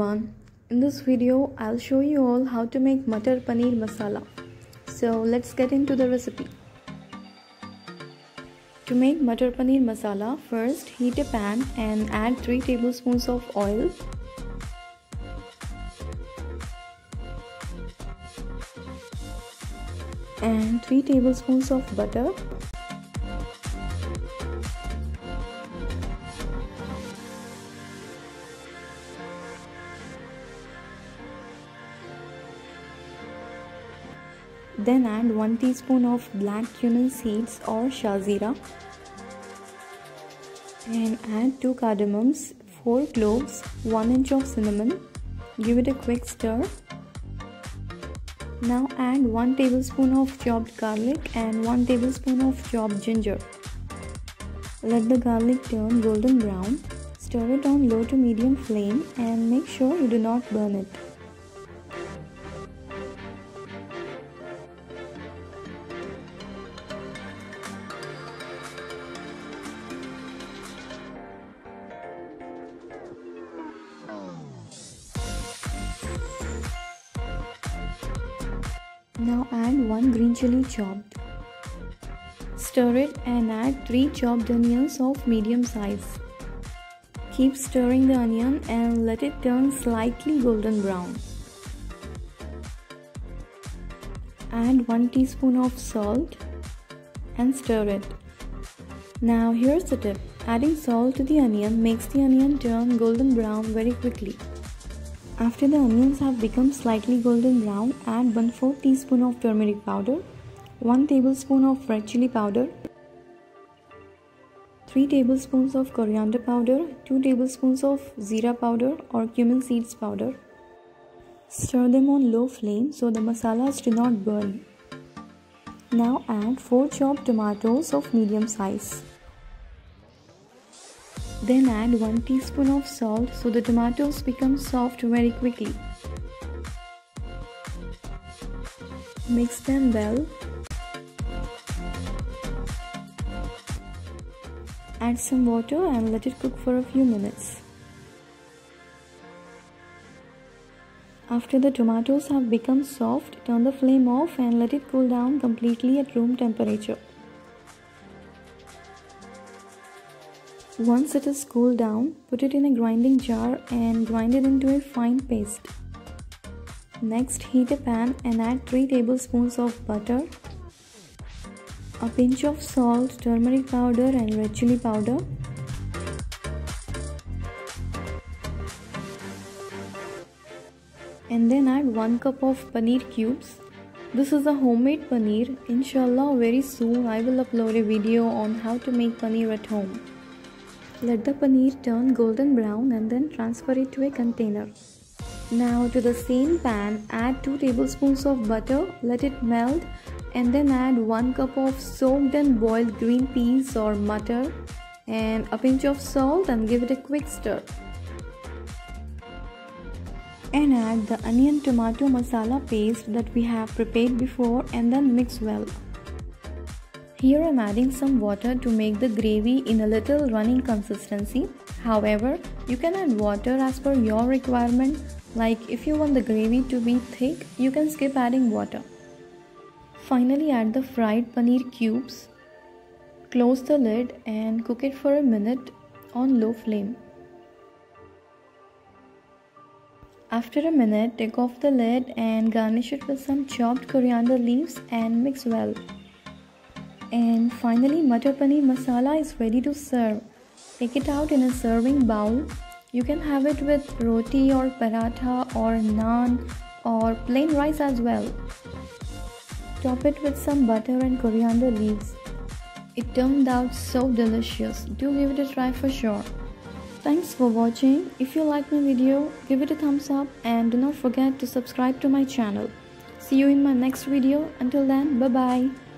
everyone, in this video I'll show you all how to make Matar Paneer Masala. So let's get into the recipe. To make Matar Paneer Masala, first heat a pan and add 3 tablespoons of oil. and 3 tablespoons of butter Then add 1 teaspoon of black cumin seeds or shazira and add 2 cardamoms, 4 cloves, 1 inch of cinnamon. Give it a quick stir. Now add 1 tablespoon of chopped garlic and 1 tablespoon of chopped ginger. Let the garlic turn golden brown. Stir it on low to medium flame and make sure you do not burn it. Now add 1 green chili chopped. Stir it and add 3 chopped onions of medium size. Keep stirring the onion and let it turn slightly golden brown. Add 1 teaspoon of salt and stir it. Now here's the tip. Adding salt to the onion makes the onion turn golden brown very quickly. After the onions have become slightly golden brown, add 1 4 teaspoon of turmeric powder, 1 tablespoon of red chili powder, 3 tablespoons of coriander powder, 2 tablespoons of zira powder or cumin seeds powder. Stir them on low flame so the masalas do not burn. Now add 4 chopped tomatoes of medium size. Then add 1 teaspoon of salt so the tomatoes become soft very quickly. Mix them well. Add some water and let it cook for a few minutes. After the tomatoes have become soft, turn the flame off and let it cool down completely at room temperature. Once it is cooled down, put it in a grinding jar and grind it into a fine paste. Next, heat a pan and add 3 tablespoons of butter, a pinch of salt, turmeric powder and red chili powder. And then add 1 cup of paneer cubes. This is a homemade paneer. Inshallah very soon I will upload a video on how to make paneer at home. Let the paneer turn golden brown and then transfer it to a container. Now to the same pan add 2 tablespoons of butter, let it melt and then add 1 cup of soaked and boiled green peas or mutton and a pinch of salt and give it a quick stir. And add the onion tomato masala paste that we have prepared before and then mix well. Here I'm adding some water to make the gravy in a little running consistency. However, you can add water as per your requirement. Like if you want the gravy to be thick, you can skip adding water. Finally add the fried paneer cubes. Close the lid and cook it for a minute on low flame. After a minute, take off the lid and garnish it with some chopped coriander leaves and mix well. And finally, Matar Paneer Masala is ready to serve. Take it out in a serving bowl. You can have it with roti or paratha or naan or plain rice as well. Top it with some butter and coriander leaves. It turned out so delicious. Do give it a try for sure. Thanks for watching. If you like my video, give it a thumbs up and do not forget to subscribe to my channel. See you in my next video. Until then, bye bye.